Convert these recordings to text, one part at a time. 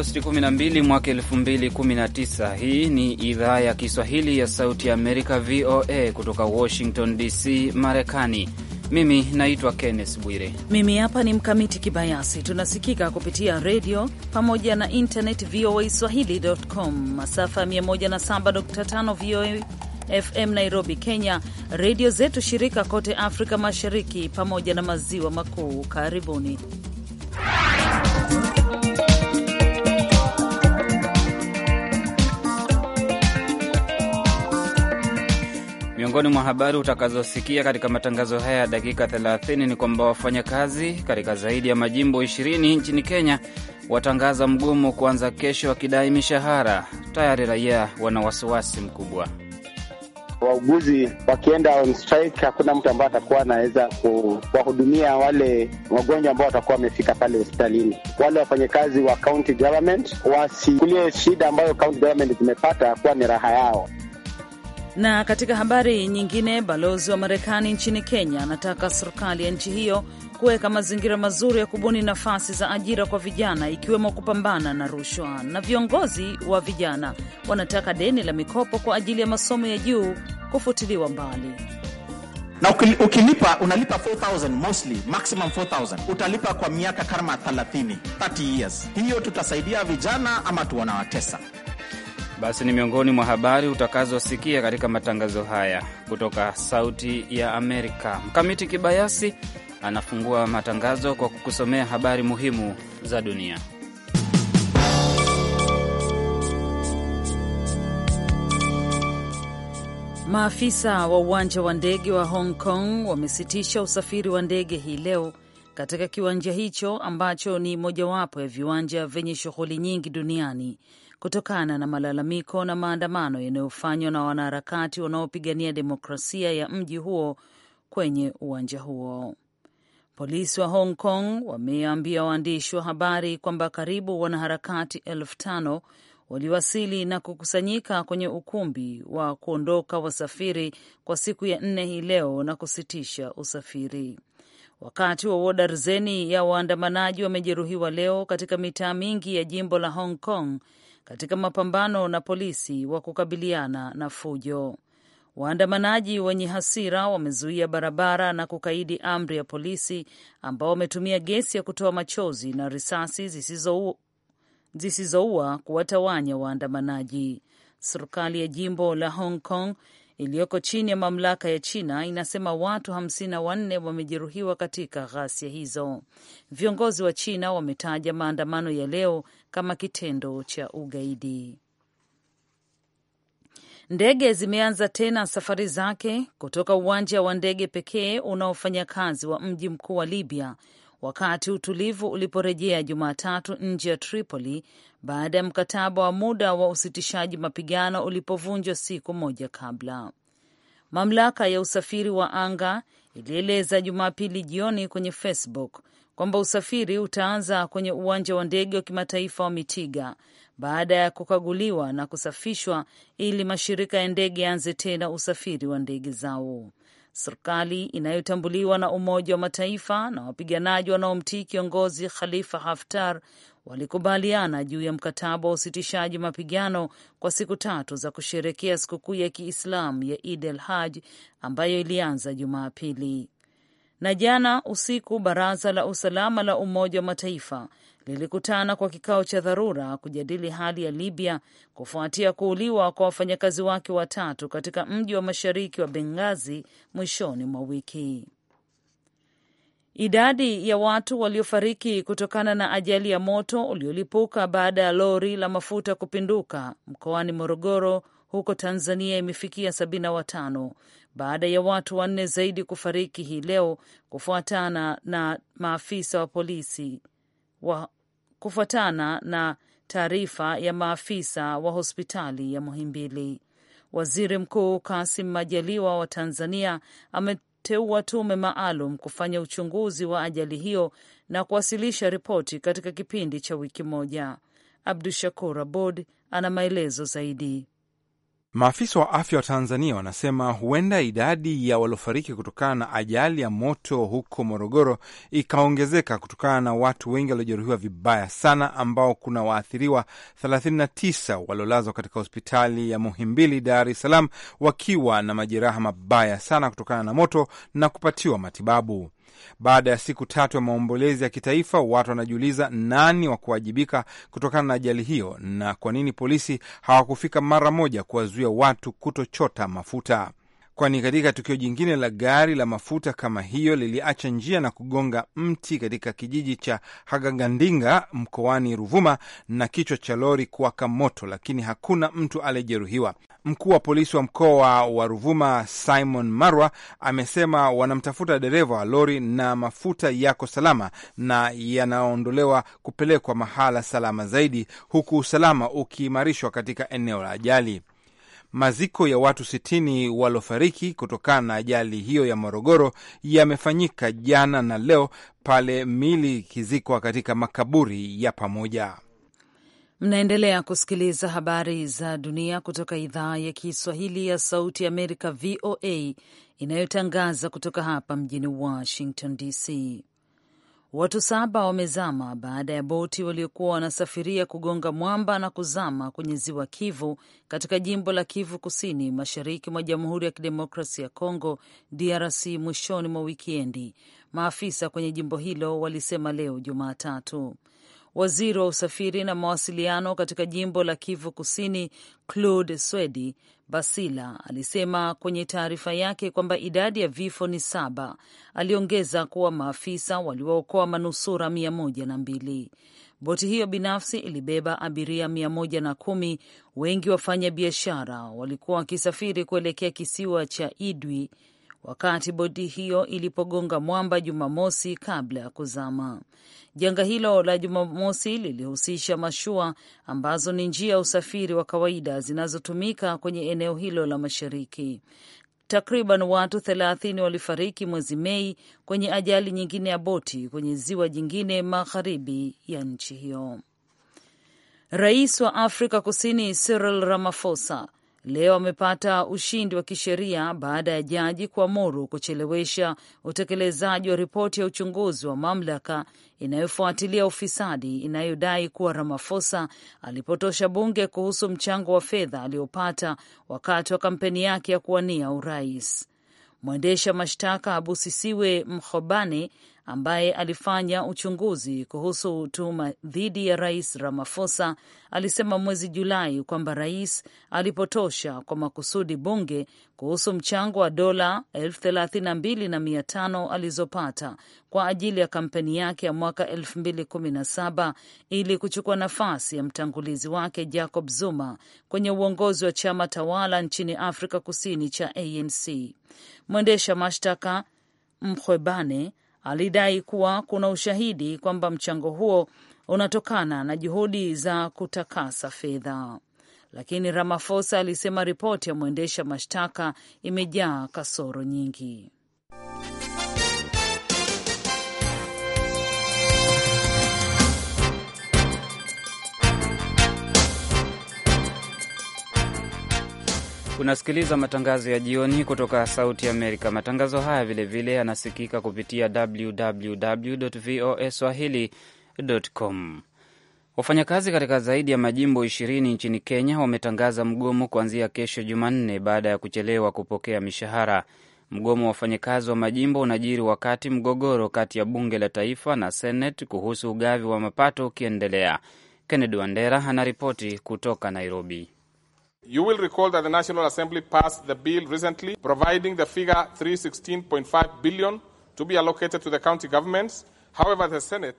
Agosti 12 mwaka 2019. Hii ni idhaa ya Kiswahili ya Sauti ya Amerika, VOA, kutoka Washington DC, Marekani. Mimi naitwa Kenneth Bwire. Mimi hapa ni Mkamiti Kibayasi. Tunasikika kupitia redio pamoja na internet, voa swahili.com, masafa ya 107.5 VOA FM Nairobi, Kenya, redio zetu shirika kote Afrika Mashariki pamoja na Maziwa Makuu. Karibuni. Miongoni mwa habari utakazosikia katika matangazo haya ya dakika 30 ni kwamba wafanyakazi katika zaidi ya majimbo 20 nchini Kenya watangaza mgomo kuanza kesho, wakidai mishahara. Tayari raia wana wasiwasi mkubwa. Wauguzi wakienda on strike, hakuna mtu ambaye atakuwa anaweza kuwahudumia wale wagonjwa ambao watakuwa wamefika pale hospitalini. Wale wafanyakazi wa county government wasikulie shida ambayo county government zimepata kuwa ni raha yao. Na katika habari nyingine, balozi wa Marekani nchini Kenya anataka serikali ya nchi hiyo kuweka mazingira mazuri ya kubuni nafasi za ajira kwa vijana ikiwemo kupambana na rushwa. Na viongozi wa vijana wanataka deni la mikopo kwa ajili ya masomo ya juu kufutiliwa mbali na ukilipa unalipa 4000 mostly maximum 4000 utalipa kwa miaka karma 30 30 years. Hiyo tutasaidia vijana ama tuwanawatesa? Basi ni miongoni mwa habari utakazosikia katika matangazo haya kutoka Sauti ya Amerika. Mkamiti Kibayasi anafungua matangazo kwa kukusomea habari muhimu za dunia. Maafisa wa uwanja wa ndege wa Hong Kong wamesitisha usafiri wa ndege hii leo katika kiwanja hicho ambacho ni mojawapo ya viwanja vyenye shughuli nyingi duniani kutokana na malalamiko na maandamano yanayofanywa na wanaharakati wanaopigania demokrasia ya mji huo kwenye uwanja huo. Polisi wa Hong Kong wameambia waandishi wa habari kwamba karibu wanaharakati elfu tano waliwasili na kukusanyika kwenye ukumbi wa kuondoka wasafiri kwa siku ya nne hii leo na kusitisha usafiri. Wakati huo darzeni ya waandamanaji wamejeruhiwa leo katika mitaa mingi ya jimbo la Hong Kong katika mapambano na polisi wa kukabiliana na fujo. Waandamanaji wenye hasira wamezuia barabara na kukaidi amri ya polisi ambao wametumia gesi ya kutoa machozi na risasi zisizoua zisizoua kuwatawanya waandamanaji. Serikali ya jimbo la Hong Kong iliyoko chini ya mamlaka ya China inasema watu hamsini na wanne wamejeruhiwa katika ghasia hizo. Viongozi wa China wametaja maandamano ya leo kama kitendo cha ugaidi. Ndege zimeanza tena safari zake kutoka uwanja wa ndege pekee unaofanya kazi wa mji mkuu wa Libya wakati utulivu uliporejea Jumatatu nje ya Tripoli baada ya mkataba wa muda wa usitishaji mapigano ulipovunjwa siku moja kabla. Mamlaka ya usafiri wa anga ilieleza Jumapili jioni kwenye Facebook kwamba usafiri utaanza kwenye uwanja wa ndege wa kimataifa wa Mitiga baada ya kukaguliwa na kusafishwa ili mashirika ya ndege yaanze tena usafiri wa ndege zao. Serikali inayotambuliwa na Umoja wa Mataifa na wapiganaji wanaomtii kiongozi Khalifa Haftar walikubaliana juu ya mkataba wa usitishaji mapigano kwa siku tatu za kusherekea sikukuu ya Kiislamu ya Id el Haj ambayo ilianza Jumapili. Na jana usiku baraza la usalama la Umoja wa Mataifa lilikutana kwa kikao cha dharura kujadili hali ya Libya kufuatia kuuliwa kwa wafanyakazi wake watatu katika mji wa mashariki wa bengazi mwishoni mwa wiki. Idadi ya watu waliofariki kutokana na ajali ya moto uliolipuka baada ya lori la mafuta kupinduka mkoani Morogoro huko Tanzania imefikia sabini na watano baada ya watu wanne zaidi kufariki hii leo kufuatana na maafisa wa polisi wa, kufuatana na taarifa ya maafisa wa hospitali ya Muhimbili. Waziri Mkuu Kasim Majaliwa wa Tanzania ameteua tume maalum kufanya uchunguzi wa ajali hiyo na kuwasilisha ripoti katika kipindi cha wiki moja. Abdu Shakur Abod ana maelezo zaidi. Maafisa wa afya wa Tanzania wanasema huenda idadi ya waliofariki kutokana na ajali ya moto huko Morogoro ikaongezeka kutokana na watu wengi waliojeruhiwa vibaya sana, ambao kuna waathiriwa 39 waliolazwa katika hospitali ya Muhimbili, Dar es Salaam, wakiwa na majeraha mabaya sana kutokana na moto na kupatiwa matibabu. Baada ya siku tatu ya maombolezi ya kitaifa, watu wanajiuliza nani wa kuwajibika kutokana na ajali hiyo na kwa nini polisi hawakufika mara moja kuwazuia watu kutochota mafuta kwani katika tukio jingine la gari la mafuta kama hiyo liliacha njia na kugonga mti katika kijiji cha Hagagandinga mkoani Ruvuma na kichwa cha lori kuwaka moto, lakini hakuna mtu aliyejeruhiwa. Mkuu wa polisi wa mkoa wa Ruvuma Simon Marwa amesema wanamtafuta dereva wa lori na mafuta yako salama na yanaondolewa kupelekwa mahala salama zaidi, huku usalama ukiimarishwa katika eneo la ajali. Maziko ya watu sitini waliofariki kutokana na ajali hiyo ya Morogoro yamefanyika jana na leo pale mili ikizikwa katika makaburi ya pamoja. Mnaendelea kusikiliza habari za dunia kutoka idhaa ya Kiswahili ya Sauti ya Amerika, VOA, inayotangaza kutoka hapa mjini Washington DC. Watu saba wamezama baada ya boti waliokuwa wanasafiria kugonga mwamba na kuzama kwenye ziwa Kivu katika jimbo la Kivu Kusini, mashariki mwa Jamhuri ya Kidemokrasi ya Kongo, DRC, mwishoni mwa wikendi, maafisa kwenye jimbo hilo walisema leo Jumatatu. Waziri wa usafiri na mawasiliano katika jimbo la Kivu Kusini, Claude Swedi, Basila alisema kwenye taarifa yake kwamba idadi ya vifo ni saba. Aliongeza kuwa maafisa waliwaokoa manusura mia moja na mbili. Boti hiyo binafsi ilibeba abiria mia moja na kumi. Wengi wafanya biashara walikuwa wakisafiri kuelekea kisiwa cha Idwi wakati bodi hiyo ilipogonga mwamba Jumamosi kabla ya kuzama. Janga hilo la Jumamosi lilihusisha mashua ambazo ni njia ya usafiri wa kawaida zinazotumika kwenye eneo hilo la mashariki. Takriban watu thelathini walifariki mwezi Mei kwenye ajali nyingine ya boti kwenye ziwa jingine magharibi ya nchi hiyo. Rais wa Afrika Kusini Cyril Ramaphosa leo amepata ushindi wa kisheria baada ya jaji kuamuru kuchelewesha utekelezaji wa ripoti ya uchunguzi wa mamlaka inayofuatilia ufisadi inayodai kuwa Ramaphosa alipotosha bunge kuhusu mchango wa fedha aliopata wakati wa kampeni yake ya kuwania urais. Mwendesha mashtaka Abusisiwe Mkhobane ambaye alifanya uchunguzi kuhusu tuhuma dhidi ya Rais Ramaphosa alisema mwezi Julai kwamba rais alipotosha kwa makusudi bunge kuhusu mchango wa dola elfu thelathini na mbili na mia tano alizopata kwa ajili ya kampeni yake ya mwaka elfu mbili kumi na saba ili kuchukua nafasi ya mtangulizi wake Jacob Zuma kwenye uongozi wa chama tawala nchini Afrika Kusini cha ANC. Mwendesha mashtaka Mkhwebane alidai kuwa kuna ushahidi kwamba mchango huo unatokana na juhudi za kutakasa fedha, lakini Ramaphosa alisema ripoti ya mwendesha mashtaka imejaa kasoro nyingi. Unasikiliza matangazo ya jioni kutoka Sauti Amerika. Matangazo haya vilevile yanasikika kupitia www voa swahili.com. Wafanyakazi katika zaidi ya majimbo ishirini nchini Kenya wametangaza mgomo kuanzia kesho Jumanne baada ya kuchelewa kupokea mishahara. Mgomo wa wafanyakazi wa majimbo unajiri wakati mgogoro kati ya bunge la taifa na seneti kuhusu ugavi wa mapato ukiendelea. Kennedy Wandera anaripoti kutoka Nairobi. You will recall that the National Assembly passed the bill recently providing the figure 316.5 billion to be allocated to the county governments. However, the Senate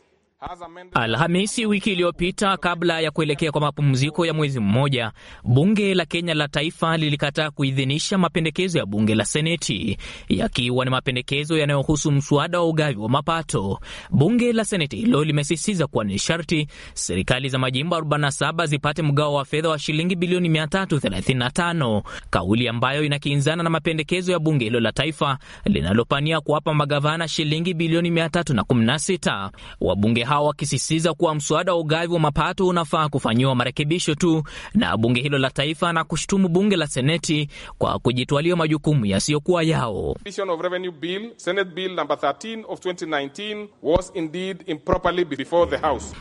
Alhamisi wiki iliyopita, kabla ya kuelekea kwa mapumziko ya mwezi mmoja, bunge la Kenya la taifa lilikataa kuidhinisha mapendekezo ya bunge la seneti, yakiwa ni mapendekezo yanayohusu mswada wa ugavi wa mapato. Bunge la seneti hilo limesisitiza kuwa ni sharti serikali za majimbo 47 zipate mgao wa fedha wa shilingi bilioni 335, kauli ambayo inakinzana na mapendekezo ya bunge hilo la taifa linalopania kuwapa magavana shilingi bilioni 316. Wabunge hao wakisisitiza kuwa mswada wa ugavi wa mapato unafaa kufanyiwa marekebisho tu na bunge hilo la taifa na kushutumu bunge la seneti kwa kujitwalia majukumu yasiyokuwa yao.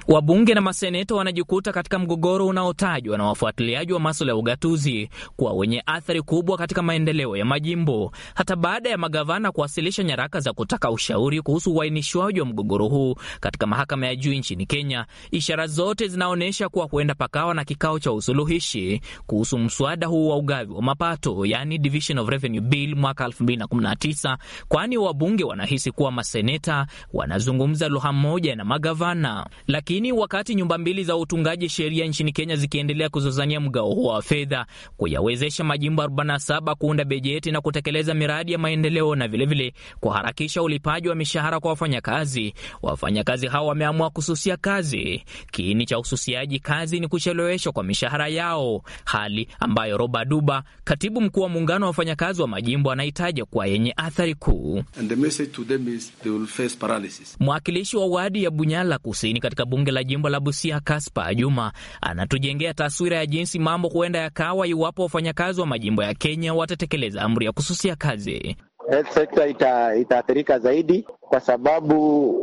Wabunge na maseneta wanajikuta katika mgogoro unaotajwa na wafuatiliaji wa maswala ya ugatuzi kuwa wenye athari kubwa katika maendeleo ya majimbo, hata baada ya magavana kuwasilisha nyaraka za kutaka ushauri kuhusu uainishwaji wa mgogoro huu katika mahakama mahakama ya juu nchini Kenya, ishara zote zinaonyesha kuwa huenda pakawa na kikao cha usuluhishi kuhusu mswada huu wa ugavi wa mapato, yani Division of Revenue Bill mwaka 2019, kwani wabunge wanahisi kuwa maseneta wanazungumza lugha moja na magavana. Lakini wakati nyumba mbili za utungaji sheria nchini Kenya zikiendelea kuzozania mgao huo wa fedha kuyawezesha majimbo 47 kuunda bejeti na kutekeleza miradi ya maendeleo na vilevile kuharakisha ulipaji wa mishahara kwa wafanyakazi, wafanyakazi hawa wameamua kususia kazi. Kiini cha ususiaji kazi ni kucheleweshwa kwa mishahara yao, hali ambayo Roba Duba, katibu mkuu wa muungano wa wafanyakazi wa majimbo, anahitaja kuwa yenye athari kuu. Mwakilishi wa wadi ya Bunyala Kusini katika bunge la jimbo la Busia, Kaspa Juma, anatujengea taswira ya jinsi mambo huenda yakawa iwapo wafanyakazi wa majimbo ya Kenya watatekeleza amri ya kususia kazi. Sekta itaathirika zaidi kwa sababu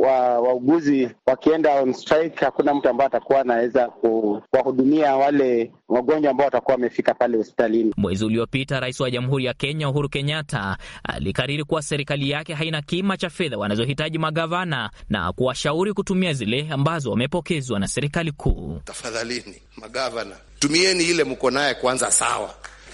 wauguzi wakienda on strike, hakuna mtu ambaye atakuwa anaweza kuwahudumia wale wagonjwa ambao watakuwa wamefika pale hospitalini. Mwezi uliopita, rais wa Jamhuri ya Kenya Uhuru Kenyatta alikariri kuwa serikali yake haina kima cha fedha wanazohitaji magavana na kuwashauri kutumia zile ambazo wamepokezwa na serikali kuu. Tafadhalini magavana, tumieni ile mko naye kwanza, sawa.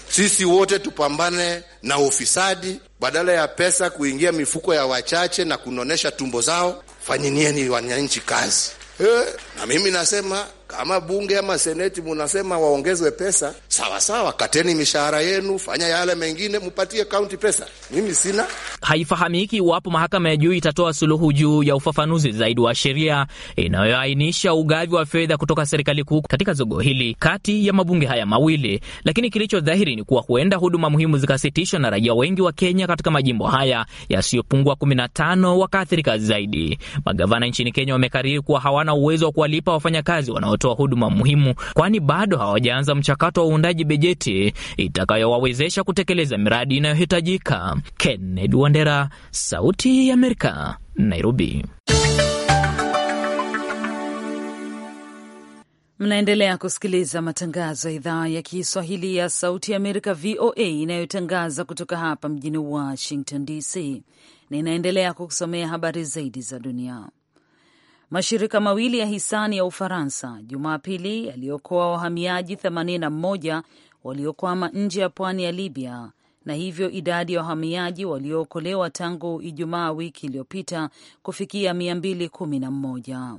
Sisi wote tupambane na ufisadi badala ya pesa kuingia mifuko ya wachache na kunonesha tumbo zao, fanyinieni wananchi kazi eh. Na mimi nasema kama bunge ama seneti munasema waongezwe pesa, sawa sawa, kateni mishahara yenu, fanya yale mengine, mpatie kaunti pesa. Mimi sina. Haifahamiki iwapo mahakama ya juu itatoa suluhu juu ya ufafanuzi zaidi wa sheria inayoainisha ugavi wa fedha kutoka serikali kuu katika zogo hili kati ya mabunge haya mawili, lakini kilicho dhahiri ni kuwa huenda huduma muhimu zikasitishwa na raia wengi wa Kenya katika majimbo haya yasiyopungua 15 wakaathirika zaidi. Magavana nchini Kenya wamekariri kuwa hawana uwezo wa kuwalipa wafanyakazi wanao kutoa huduma muhimu, kwani bado hawajaanza mchakato wa uundaji bajeti itakayowawezesha kutekeleza miradi inayohitajika. Kennedy Wandera, Sauti ya Amerika, Nairobi. Mnaendelea kusikiliza matangazo ya idhaa ya Kiswahili ya Sauti ya Amerika, VOA, inayotangaza kutoka hapa mjini Washington DC. Ninaendelea kukusomea habari zaidi za dunia. Mashirika mawili ya hisani ya Ufaransa Jumapili yaliokoa wahamiaji 81 waliokwama nje ya pwani ya Libya na hivyo idadi ya wahamiaji waliookolewa tangu Ijumaa wiki iliyopita kufikia 211.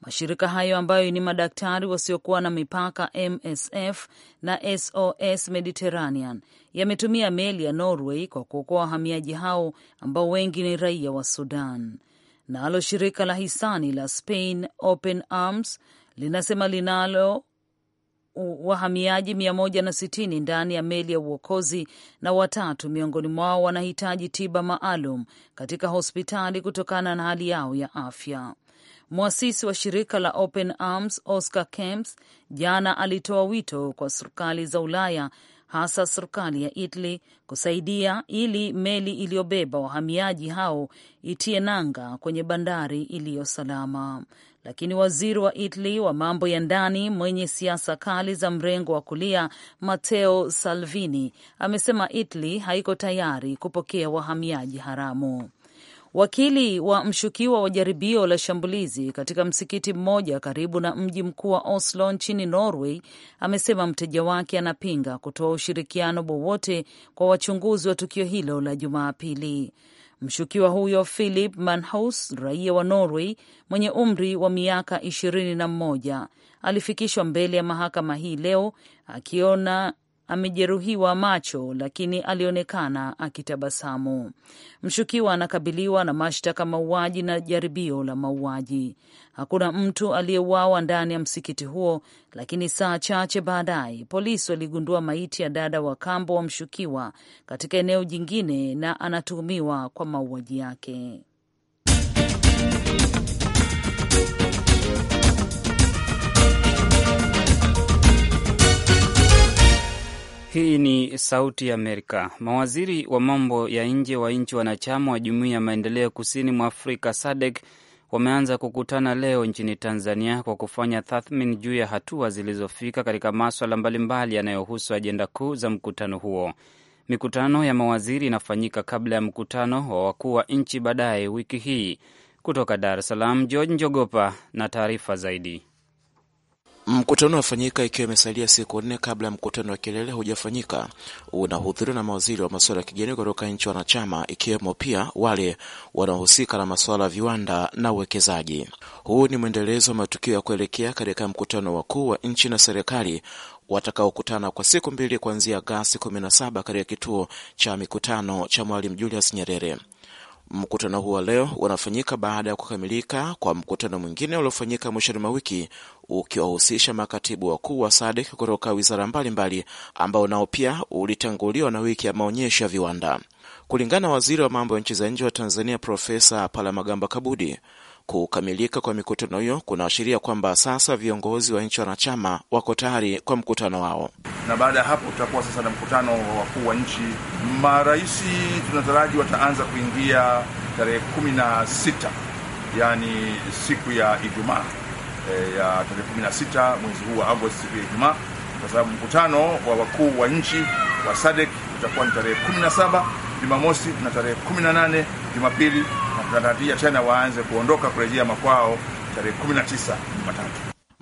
Mashirika hayo ambayo ni madaktari wasiokuwa na mipaka MSF na SOS Mediterranean yametumia meli ya Norway kwa kuokoa wahamiaji hao ambao wengi ni raia wa Sudan. Nalo shirika la hisani la Spain Open Arms linasema linalo wahamiaji 160 ndani ya meli ya uokozi na watatu miongoni mwao wanahitaji tiba maalum katika hospitali kutokana na hali yao ya afya. Mwasisi wa shirika la Open Arms Oscar Camps jana alitoa wito kwa serikali za Ulaya hasa serikali ya Italy kusaidia ili meli iliyobeba wahamiaji hao itie nanga kwenye bandari iliyo salama. Lakini waziri wa Italy wa mambo ya ndani mwenye siasa kali za mrengo wa kulia Matteo Salvini amesema Italy haiko tayari kupokea wahamiaji haramu. Wakili wa mshukiwa wa jaribio la shambulizi katika msikiti mmoja karibu na mji mkuu wa Oslo nchini Norway amesema mteja wake anapinga kutoa ushirikiano wowote kwa wachunguzi wa tukio hilo la Jumapili. Mshukiwa huyo Philip Manhaus, raia wa Norway mwenye umri wa miaka ishirini na mmoja, alifikishwa mbele ya mahakama hii leo akiona amejeruhiwa macho, lakini alionekana akitabasamu. Mshukiwa anakabiliwa na mashtaka mauaji na jaribio la mauaji. Hakuna mtu aliyeuawa ndani ya msikiti huo, lakini saa chache baadaye polisi waligundua maiti ya dada wa kambo wa mshukiwa katika eneo jingine, na anatuhumiwa kwa mauaji yake. Hii ni Sauti ya Amerika. Mawaziri wa mambo ya nje wa nchi wanachama wa Jumuiya ya Maendeleo ya Kusini mwa Afrika SADC wameanza kukutana leo nchini Tanzania kwa kufanya tathmini juu ya hatua zilizofika katika maswala mbalimbali yanayohusu ajenda kuu za mkutano huo. Mikutano ya mawaziri inafanyika kabla ya mkutano wa wakuu wa nchi baadaye wiki hii. Kutoka Dar es Salaam, George Njogopa na taarifa zaidi. Mkutano wafanyika ikiwa imesalia siku nne kabla ya mkutano wa kilele hujafanyika. Unahudhuriwa na mawaziri wa masuala ya kigeni kutoka nchi wanachama, ikiwemo pia wale wanaohusika na masuala ya viwanda na uwekezaji. Huu ni mwendelezo wa matukio ya kuelekea katika mkutano wakuu wa nchi na serikali watakaokutana kwa siku mbili kuanzia Agasti 17 katika kituo cha mikutano cha Mwalimu Julius Nyerere. Mkutano huo leo unafanyika baada ya kukamilika kwa mkutano mwingine uliofanyika mwishoni mwa wiki ukiwahusisha makatibu wakuu wa SADC kutoka wizara mbalimbali, ambao nao pia ulitanguliwa na wiki ya maonyesho ya viwanda. Kulingana na waziri wa mambo ya nchi za nje wa Tanzania Profesa Palamagamba Kabudi, Kukamilika kwa mikutano hiyo kunaashiria kwamba sasa viongozi wa nchi wanachama wako tayari kwa mkutano wao, na baada ya hapo tutakuwa sasa na mkutano wa wakuu wa nchi. maraisi tunataraji wataanza kuingia tarehe kumi na sita yani siku ya Ijumaa e, ya tarehe kumi na sita mwezi huu wa Agosti, siku ya Ijumaa, kwa sababu mkutano wa wakuu wa nchi wa SADC utakuwa ni tarehe kumi na saba Jumamosi na tarehe 18 Jumapili, na tunatarajia tena waanze kuondoka kurejea makwao tarehe 19 Jumatatu.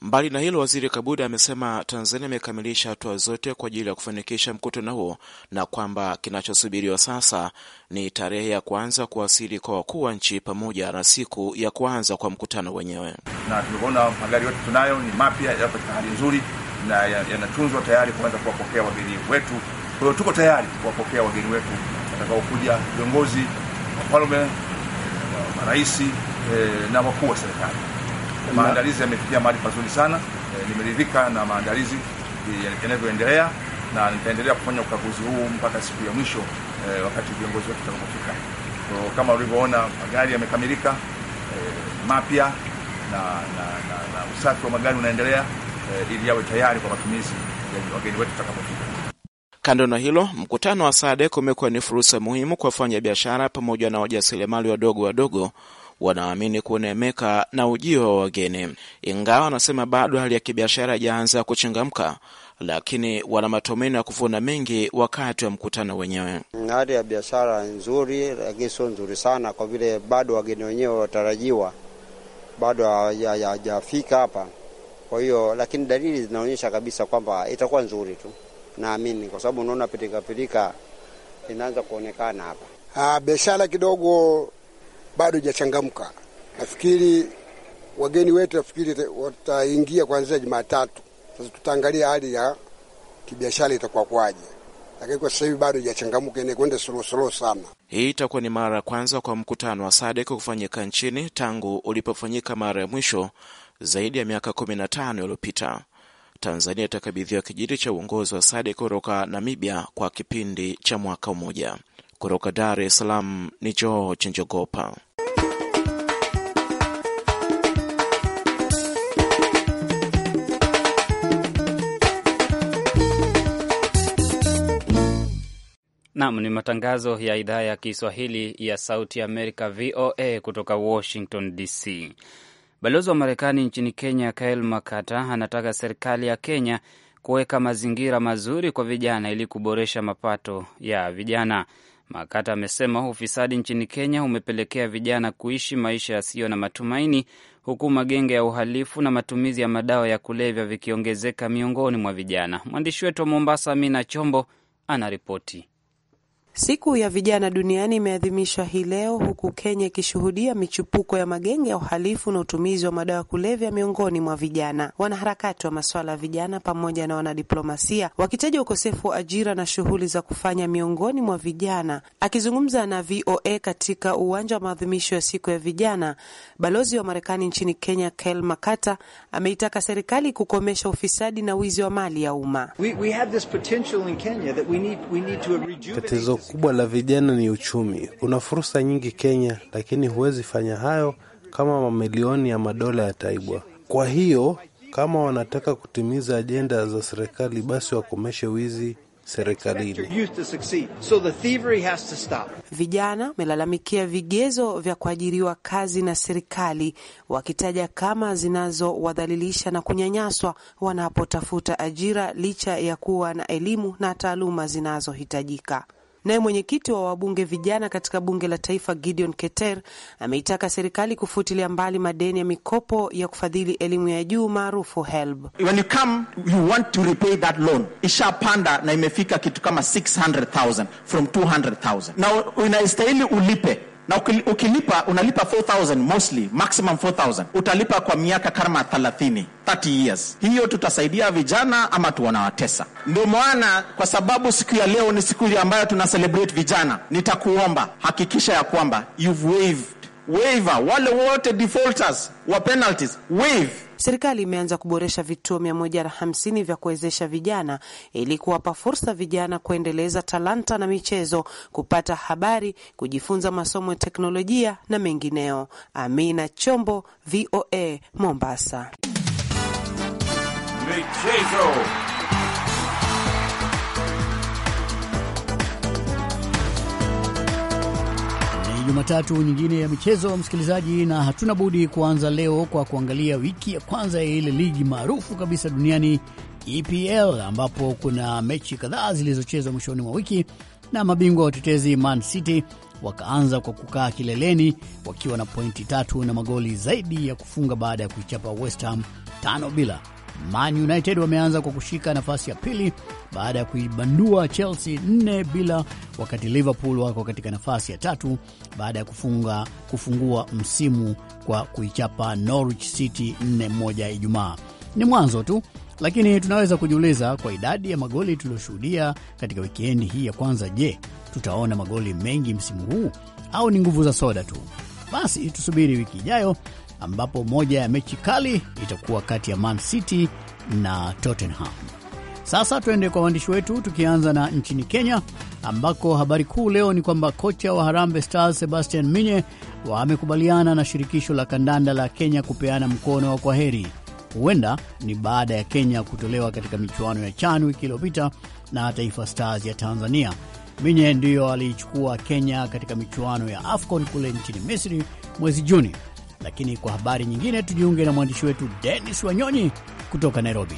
Mbali na hilo, Waziri Kabuda amesema Tanzania imekamilisha hatua zote kwa ajili ya kufanikisha mkutano huo na kwamba kinachosubiriwa sasa ni tarehe ya kuanza kuwasili kwa wakuu wa nchi pamoja na siku ya kuanza kwa mkutano wenyewe. Na tumeona magari yote tunayo ni mapya, yako katika hali nzuri na yanatunzwa tayari kuanza kuwapokea wageni wetu. Kwa hiyo tuko tayari kuwapokea wageni wetu watakaokuja viongozi, wafalme, marais e, eh, na wakuu wa serikali. Maandalizi yamefikia mahali pazuri sana e, nimeridhika na maandalizi eh, yanavyoendelea na nitaendelea kufanya ukaguzi huu mpaka siku ya mwisho e, wakati viongozi wetu watakapofika. So, kama ulivyoona magari yamekamilika e, mapya na, na, na, na usafi wa magari unaendelea e, ili yawe tayari kwa matumizi ya wageni wetu watakapofika. Kando na hilo, mkutano wa SADC umekuwa ni fursa muhimu kwa wafanyabiashara pamoja na wajasiriamali wadogo wadogo wanaamini kuneemeka na ujio wa wageni. Ingawa wanasema bado hali ya kibiashara haijaanza kuchangamka, lakini wana matumaini ya kuvuna mengi wakati wa mkutano wenyewe. Hali ya biashara nzuri, lakini sio nzuri sana, kwa vile bado wageni wenyewe watarajiwa bado hawajafika hapa. Kwa hiyo, lakini dalili zinaonyesha kabisa kwamba itakuwa nzuri tu naamini, kwa sababu unaona pilikapilika inaanza kuonekana hapa. Ah, biashara kidogo bado hajachangamka. Nafikiri wageni wetu, nafikiri wataingia kuanzia Jumatatu. Sasa tutaangalia hali ya kibiashara itakuwa kwaje, lakini kwa sasa hivi bado hajachangamka, ni kwenda sorosoro sana. Hii itakuwa ni mara ya kwanza kwa mkutano wa SADC kufanyika nchini tangu ulipofanyika mara ya mwisho zaidi ya miaka 15 iliyopita. Tanzania itakabidhiwa kijiti cha uongozi wa SADC kutoka Namibia kwa kipindi cha mwaka mmoja. Kutoka Dar es Salaam ni George Njogopa. Nam ni matangazo ya idhaa ya Kiswahili ya Sauti ya Amerika, VOA, kutoka Washington DC. Balozi wa Marekani nchini Kenya kael Makata anataka serikali ya Kenya kuweka mazingira mazuri kwa vijana ili kuboresha mapato ya vijana. Makata amesema ufisadi nchini Kenya umepelekea vijana kuishi maisha yasiyo na matumaini, huku magenge ya uhalifu na matumizi ya madawa ya kulevya vikiongezeka miongoni mwa vijana. Mwandishi wetu wa Mombasa, Amina Chombo, anaripoti. Siku ya vijana duniani imeadhimishwa hii leo huku Kenya ikishuhudia michupuko ya magenge ya uhalifu na utumizi wa madawa ya kulevya miongoni mwa vijana. Wanaharakati wa masuala ya vijana pamoja na wanadiplomasia wakitaja ukosefu wa ajira na shughuli za kufanya miongoni mwa vijana. Akizungumza na VOA katika uwanja wa maadhimisho ya siku ya vijana, balozi wa Marekani nchini Kenya Kel Makata ameitaka serikali kukomesha ufisadi na wizi wa mali ya umma kubwa la vijana ni uchumi. Kuna fursa nyingi Kenya, lakini huwezi fanya hayo kama mamilioni ya madola yataibwa. Kwa hiyo kama wanataka kutimiza ajenda za serikali, basi wakomeshe wizi serikalini. So vijana wamelalamikia vigezo vya kuajiriwa kazi na serikali, wakitaja kama zinazowadhalilisha na kunyanyaswa wanapotafuta ajira licha ya kuwa na elimu na taaluma zinazohitajika. Naye mwenyekiti wa wabunge vijana katika bunge la taifa Gideon Keter ameitaka serikali kufutilia mbali madeni ya mikopo ya kufadhili elimu ya juu maarufu HELB. When you come you want to repay that loan, ishapanda na imefika kitu kama 600,000 from 200,000 na inastahili ulipe na ukilipa unalipa 4000 mostly maximum 4000 utalipa kwa miaka kama 30 30 years. Hiyo tutasaidia vijana ama tuwanawatesa? Ndio maana kwa sababu siku ya leo ni siku ambayo tuna celebrate vijana, nitakuomba hakikisha ya kwamba you've waived waiver wale wote defaulters wa penalties waive Serikali imeanza kuboresha vituo hamsini vya kuwezesha vijana ili kuwapa fursa vijana kuendeleza talanta na michezo, kupata habari, kujifunza masomo ya teknolojia na mengineo. Amina Chombo, VOA Mombasa. Michezo. Jumatatu nyingine ya michezo, msikilizaji, na hatuna budi kuanza leo kwa kuangalia wiki ya kwanza ya ile ligi maarufu kabisa duniani EPL, ambapo kuna mechi kadhaa zilizochezwa mwishoni mwa wiki na mabingwa watetezi Man City wakaanza kwa kukaa kileleni wakiwa na pointi tatu na magoli zaidi ya kufunga baada ya kuichapa West Ham tano bila Man United wameanza kwa kushika nafasi ya pili baada ya kuibandua Chelsea nne bila, wakati Liverpool wako katika nafasi ya tatu baada ya kufunga, kufungua msimu kwa kuichapa Norwich City nne moja Ijumaa. Ni mwanzo tu, lakini tunaweza kujiuliza kwa idadi ya magoli tuliyoshuhudia katika wikendi hii ya kwanza, je, tutaona magoli mengi msimu huu au ni nguvu za soda tu? Basi tusubiri wiki ijayo ambapo moja ya mechi kali itakuwa kati ya Man City na Tottenham. Sasa tuende kwa waandishi wetu, tukianza na nchini Kenya ambako habari kuu leo ni kwamba kocha wa Harambee Stars Sebastian Minye wamekubaliana na shirikisho la kandanda la Kenya kupeana mkono wa kwaheri. Huenda ni baada ya Kenya kutolewa katika michuano ya CHAN wiki iliyopita na Taifa Stars ya Tanzania. Minye ndiyo aliichukua Kenya katika michuano ya AFCON kule nchini Misri mwezi Juni, lakini kwa habari nyingine tujiunge na mwandishi wetu Dennis Wanyonyi kutoka Nairobi.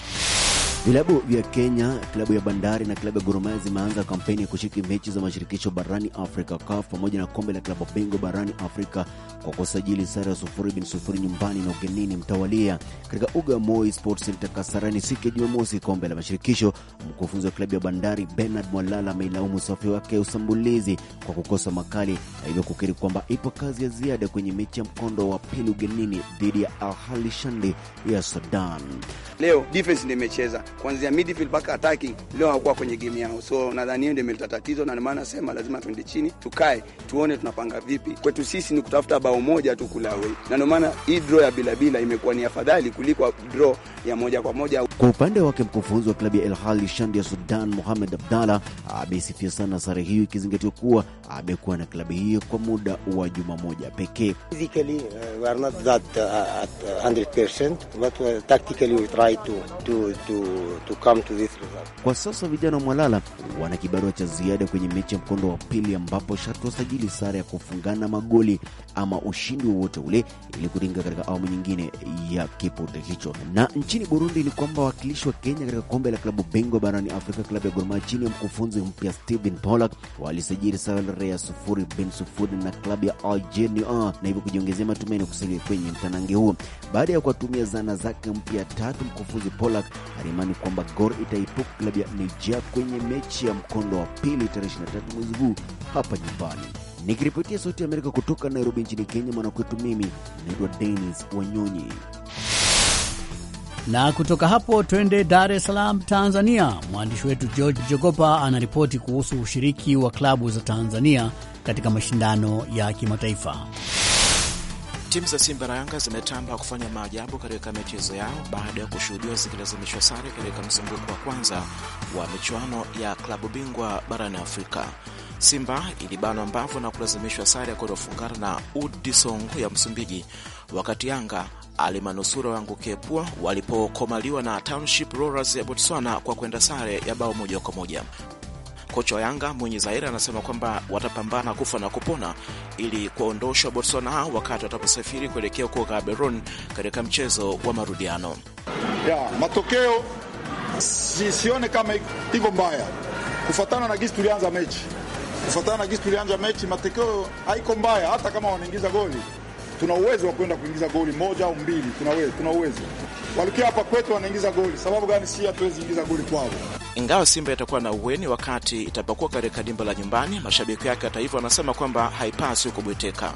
Vilabu vya Kenya, klabu ya Bandari na klabu ya Gor Mahia zimeanza kampeni ya kushiriki mechi za mashirikisho barani Afrika CAF pamoja na kombe la klabu bingwa barani Afrika kwa kusajili sare ya sufuri bin sufuri nyumbani na ugenini mtawalia katika uga ya Moi Sports Center Kasarani siku ya Jumamosi kombe la mashirikisho. Mkufunzi wa klabu ya Bandari Bernard Mwalala ameilaumu usafi wake usambulizi kwa kukosa makali na hivyo kukiri kwamba ipo kazi ya ziada kwenye mechi ya mkondo wa pili ugenini dhidi ya Al Ahly Shandi ya Sudan. Leo defense imecheza kuanzia midfield mpaka attacking leo hawakuwa kwenye game yao. So nadhani hiyo ndio imeleta tatizo, na ndio maana nasema lazima tuende chini, tukae tuone tunapanga vipi. Kwetu sisi ni kutafuta bao moja tu kulawe, na ndio maana hii draw ya bilabila imekuwa ni afadhali kuliko draw ya moja kwa moja. Kwa upande wake mkufunzi wa klabu ya El Hali Shandi ya Sudan, Mohamed Abdalla, amesifia sana sare hiyo ikizingatiwa kuwa amekuwa na klabu hiyo kwa muda wa juma moja pekee. Kwa sasa vijana wa Mwalala wana kibarua cha ziada kwenye mechi ya mkondo wa pili, ambapo sharti wasajili sare ya kufungana magoli ama ushindi wowote ule ili kuringa katika awamu nyingine ya kipute hicho na Nchini Burundi kwamba wawakilishi wa Kenya katika kombe la klabu bingwa barani Afrika, klabu ya Gor Mahia chini ya mkufunzi mpya Stephen Polak walisajili sare ya sufuri bin sufuri na klabu ya Algeria na hivyo kujiongezea matumaini ya kusalia kwenye mtanange huo. Baada ya kuwatumia zana zake mpya tatu, mkufunzi Polak aliimani kwamba Gor itaipuka klabu ya Niger kwenye mechi ya mkondo wa pili tarehe 23 mwezi huu hapa nyumbani. Nikiripotia Sauti ya Amerika kutoka Nairobi nchini Kenya, mwanakwetu mimi naitwa Denis Wanyonyi. Na kutoka hapo twende Dar es Salaam, Tanzania. Mwandishi wetu George Jogopa anaripoti kuhusu ushiriki wa klabu za Tanzania katika mashindano ya kimataifa. Timu za Simba na Yanga zimetamba kufanya maajabu katika michezo yao baada ya kushuhudiwa zikilazimishwa sare katika mzunguko wa kwanza wa michuano ya klabu bingwa barani Afrika. Simba ilibanwa mbavu na kulazimishwa sare ya kutofungana na udi Songo ya Msumbiji, wakati Yanga alimanusura waangukie pua walipokomaliwa na Township Rollers ya Botswana kwa kwenda sare ya bao moja kwa moja. Kocha wa Yanga Mwinyi Zaire anasema kwamba watapambana kufa na kupona ili kuwaondosha Botswana hao wakati wataposafiri kuelekea huko Gaborone katika mchezo wa marudiano ya matokeo. sione kama iko mbaya kufatana na gisi tulianza mechi kufuatana na jinsi tulianza mechi, matokeo haiko mbaya. Hata kama wanaingiza goli, tuna uwezo wa kwenda kuingiza goli moja au mbili, tuna uwezo. Walikuwa hapa kwetu wanaingiza goli, sababu gani si hatuwezi ingiza goli kwao? Ingawa Simba itakuwa na uweni wakati itapokuwa katika dimba la nyumbani, mashabiki yake hata hivyo wanasema kwamba haipaswi kubweteka.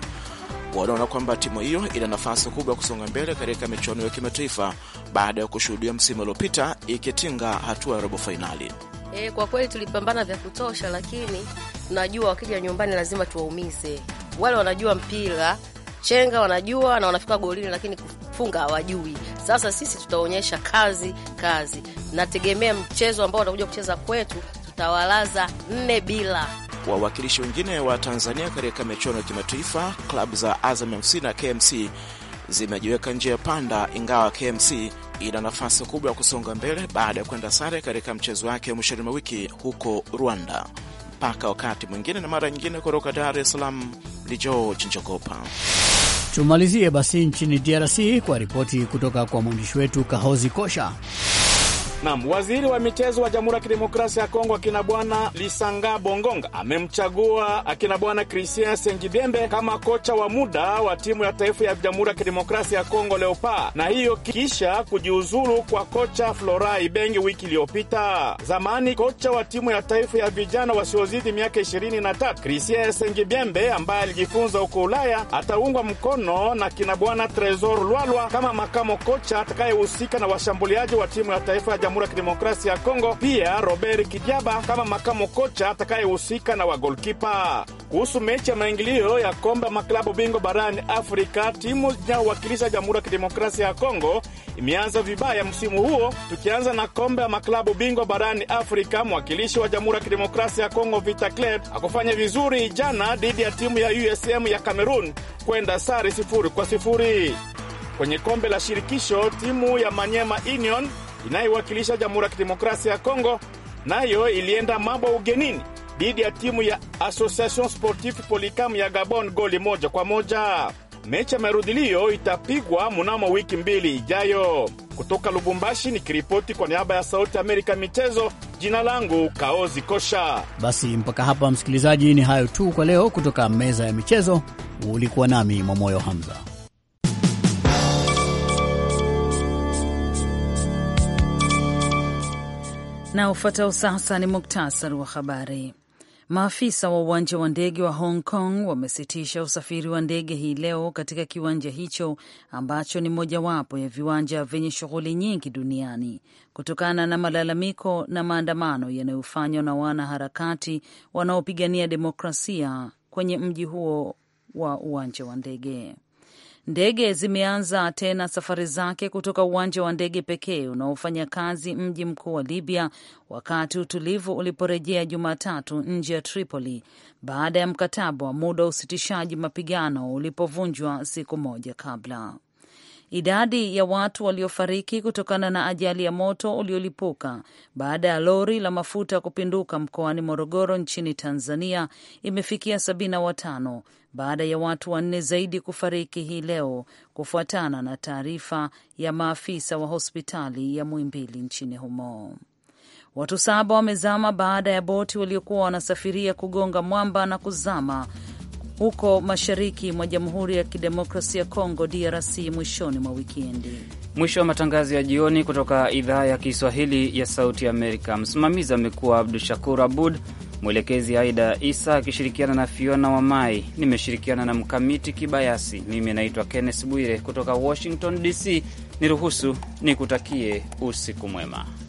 Wanaona kwamba timu hiyo ina nafasi kubwa kusonga mbele katika michuano ya kimataifa baada ya kushuhudia msimu uliopita ikitinga hatua ya robo fainali. E, eh, kwa kweli tulipambana vya kutosha, lakini tunajua wakija nyumbani lazima tuwaumize. Wale wanajua mpira chenga, wanajua na wanafika golini, lakini kufunga hawajui. Sasa sisi tutaonyesha kazi kazi, nategemea mchezo ambao watakuja kucheza kwetu tutawalaza nne bila. Wawakilishi wengine wa Tanzania katika michuano ya kimataifa, klabu za Azam FC na KMC zimejiweka njia panda, ingawa KMC ina nafasi kubwa ya kusonga mbele baada ya kwenda sare katika mchezo wake mwishoni mwa wiki huko Rwanda mpaka wakati mwingine na mara nyingine. Kutoka Dar es Salaam ni George Njogopa. Tumalizie basi nchini DRC kwa ripoti kutoka kwa mwandishi wetu Kahozi Kosha. Nam waziri wa michezo wa Jamhuri ya Kidemokrasia ya Kongo akina bwana Lisanga Bongonga amemchagua akina bwana Christian Sengibembe kama kocha wa muda wa timu ya taifa ya Jamhuri ya Kidemokrasia ya Kongo Leopa, na hiyo kisha kujiuzulu kwa kocha Flora Ibengi wiki iliyopita. Zamani kocha wa timu ya taifa ya vijana wasiozidi miaka na tatu Christian Sengibembe ambaye alijifunza huko Ulaya ataungwa mkono na kina bwana Tresor Lwalwa kama makamo kocha atakayehusika na washambuliaji wa timu ya taifa ya Jamhuri ya Kidemokrasia ya Kongo, pia Robert Kidiaba kama makamo kocha atakayehusika na wagolkipa. Kuhusu mechi ya maingilio ya kombe maklabu bingwa barani Afrika, timu inayowakilisha Jamhuri ya Kidemokrasia ya Kongo imeanza vibaya msimu huo, tukianza na kombe ya maklabu bingwa barani Afrika. Mwakilishi wa Jamhuri ya Kidemokrasia ya Kongo Vita Club akufanya vizuri jana dhidi ya timu ya USM ya Cameroon kwenda sare sifuri kwa sifuri. Kwenye kombe la shirikisho timu ya Manyema Union inayowakilisha Jamhuri ya Kidemokrasia ya Kongo nayo ilienda mambo ugenini dhidi ya timu ya Association Sportive Polikam ya Gabon goli moja kwa moja. Mechi ya marudhilio itapigwa mnamo wiki mbili ijayo. Kutoka Lubumbashi ni kiripoti kwa niaba ya Sauti Amerika michezo, jina langu Kaozi Kosha. Basi mpaka hapa msikilizaji, ni hayo tu kwa leo kutoka meza ya michezo. Ulikuwa nami Mwamoyo Hamza. Na ufuatao sasa ni muktasari wa habari. Maafisa wa uwanja wa ndege wa Hong Kong wamesitisha usafiri wa ndege hii leo katika kiwanja hicho ambacho ni mojawapo ya viwanja vyenye shughuli nyingi duniani kutokana na malalamiko na maandamano yanayofanywa na wanaharakati wanaopigania demokrasia kwenye mji huo wa uwanja wa ndege. Ndege zimeanza tena safari zake kutoka uwanja wa ndege pekee unaofanya kazi mji mkuu wa Libya, wakati utulivu uliporejea Jumatatu nje ya Tripoli baada ya mkataba wa muda wa usitishaji mapigano ulipovunjwa siku moja kabla. Idadi ya watu waliofariki kutokana na ajali ya moto uliolipuka baada ya lori la mafuta kupinduka mkoani Morogoro nchini Tanzania imefikia sabini na watano baada ya watu wanne zaidi kufariki hii leo kufuatana na taarifa ya maafisa wa hospitali ya Muhimbili nchini humo. Watu saba wamezama baada ya boti waliokuwa wanasafiria kugonga mwamba na kuzama huko mashariki mwa Jamhuri ya Kidemokrasia ya Kongo, DRC, mwishoni mwa wikendi. Mwisho wa matangazo ya jioni kutoka idhaa ya Kiswahili ya Sauti ya Amerika. Msimamizi amekuwa Abdu Shakur Abud, mwelekezi Aida Isa akishirikiana na Fiona Wamai. Nimeshirikiana na Mkamiti Kibayasi. Mimi naitwa Kenneth Bwire kutoka Washington DC. Niruhusu nikutakie usiku mwema.